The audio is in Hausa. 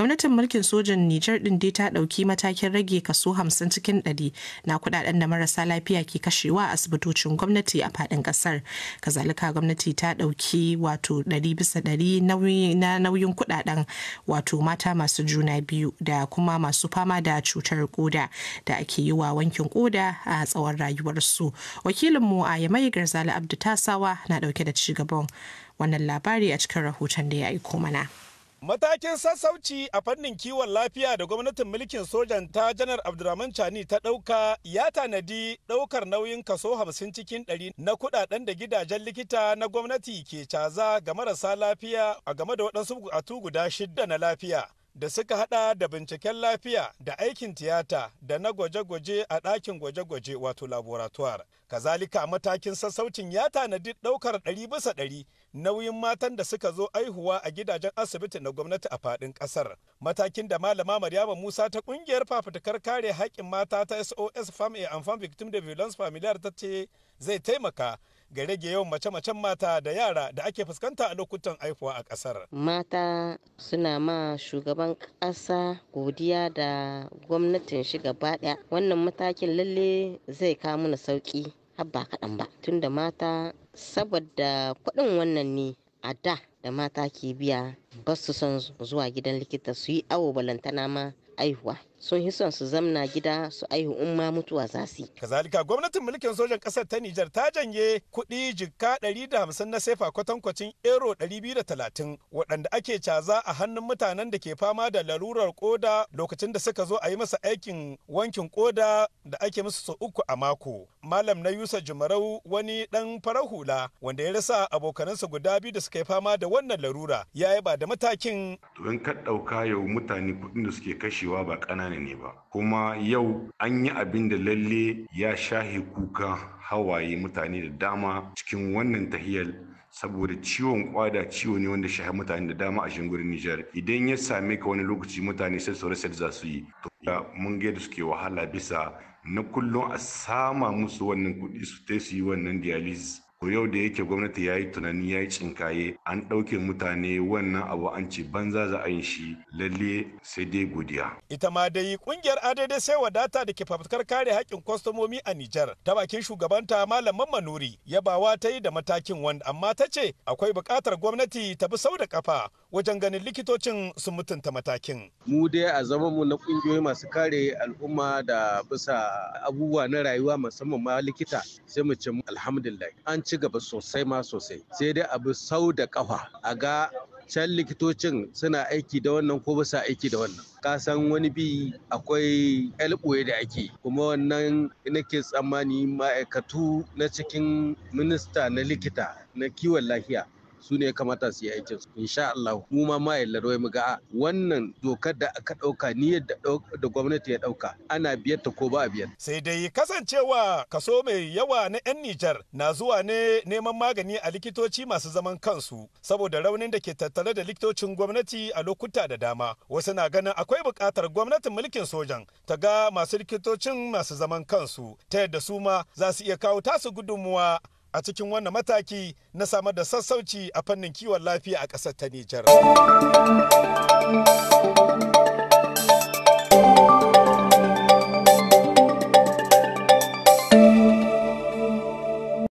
Gwamnatin mulkin sojan Nijar din dai ta dauki matakin rage kaso 50 cikin 100 na kudaden da marasa lafiya ke kashewa a asibitocin gwamnati a fadin kasar Kazalika gwamnati ta dauki wato 100 bisa 100 na nauyin kudaden wato mata masu juna biyu da kuma masu fama da cutar koda da ake yi wa wankin koda a tsawon rayuwarsu. Wakilinmu a Yamai Garzali Abdu Tasawa na dauke da ci gaban wannan labari a cikin rahoton da ya aiko mana. Matakin sassauci a fannin kiwon lafiya da gwamnatin mulkin sojan ta janar Abdurrahman Chani ta ɗauka ya tanadi ɗaukar nauyin kaso hamsin cikin ɗari na kuɗaɗen da gidajen likita na gwamnati ke caza ga marasa lafiya a game da waɗansu buƙatu guda shidda na lafiya. da suka hada da binciken lafiya da aikin tiyata da na gwaje-gwaje a ɗakin gwaje-gwaje wato laboratoire. Kazalika matakin sassaucin ya tanadi ɗaukar ɗari bisa ɗari nauyin matan da suka zo aihuwa a gidajen asibiti na gwamnati a faɗin ƙasar. Matakin da malama Maryama Musa ta ƙungiyar fafutukar kare haƙƙin mata ta SOS Fam a amfan Victim da Violence Familiar ta ce zai taimaka ga rage yawan mace-macen mata da yara da ake fuskanta a lokutan haihuwa a kasar. Mata suna ma shugaban ƙasa godiya da gwamnatin shi gaba ɗaya. Wannan matakin lalle zai kawo mana sauki har kaɗan ba. Tunda mata saboda kuɗin wannan ne a da da mata ke biya ba su son zuwa gidan likita su yi awo balantana ma aihuwa sun yi son su zamna gida su aihu in ma mutuwa za su kazalika gwamnatin mulkin sojan kasar ta Nijar ta janye kuɗi jikka 150 na sefa kwatankwacin ero 230 waɗanda ake caza a hannun mutanen da ke fama da larurar koda lokacin da suka zo a yi masa aikin wankin koda da ake musu sau uku a mako malam na yusa jumarau wani ɗan farar hula wanda ya rasa abokanansa guda biyu da suka yi fama da wannan larura ya yi ba da matakin to in ka ɗauka yau mutane kuɗin da suke kashe cewa ba ƙanana ne ba kuma yau an yi abin da lalle ya shahe kuka hawaye mutane da dama cikin wannan tahiyar saboda ciwon kwada ciwo ne wanda shahi mutane da dama a shingurin Nijar idan ya same ka wani lokaci mutane sai su rasa za su yi to mun ga da suke wahala bisa na kullum a sama musu wannan kuɗi su ta su yi wannan dialysis ko yau da yake gwamnati ya yi tunani ya yi cinkaye an ɗauke mutane wannan abu an ci banza za a yin shi lalle sai dai godiya. ita ma dai kungiyar adada sai wadata da ke fafutukar kare haƙƙin kwastomomi a nijar ta bakin shugabanta malam ya yabawa ta yi da matakin wanda amma ta ce akwai buƙatar gwamnati ta bi sau da kafa wajen ganin likitocin su mutunta matakin. mu dai a zaman mu na kungiyoyi masu kare al'umma da bisa abubuwa na rayuwa musamman ma likita sai mu ce alhamdulillah an ci gaba sosai ma sosai sai dai abu sau da kafa a ga can likitocin suna aiki da wannan ko ba sa aiki da wannan ka san wani bi akwai elboye da ake kuma wannan nake tsammani ma'aikatu na cikin minista na likita na kiwon lafiya su ne ya kamata su yi aikin su insha Allah mu ma ma mu ga wannan dokar da aka dauka yadda da gwamnati ya dauka ana biyar ta ko ba biyar sai dai kasancewa kaso mai yawa na yan Nijar na zuwa ne neman magani a likitoci masu zaman kansu saboda raunin da ke tattare da likitocin gwamnati a lokuta da dama wasu na ganin akwai buƙatar gwamnatin mulkin sojan ta ga masu likitocin masu zaman kansu ta yadda su ma za su iya kawo tasu gudunmuwa a cikin wannan mataki na samar da sassauci a fannin kiwon lafiya a ƙasar ta Nijar.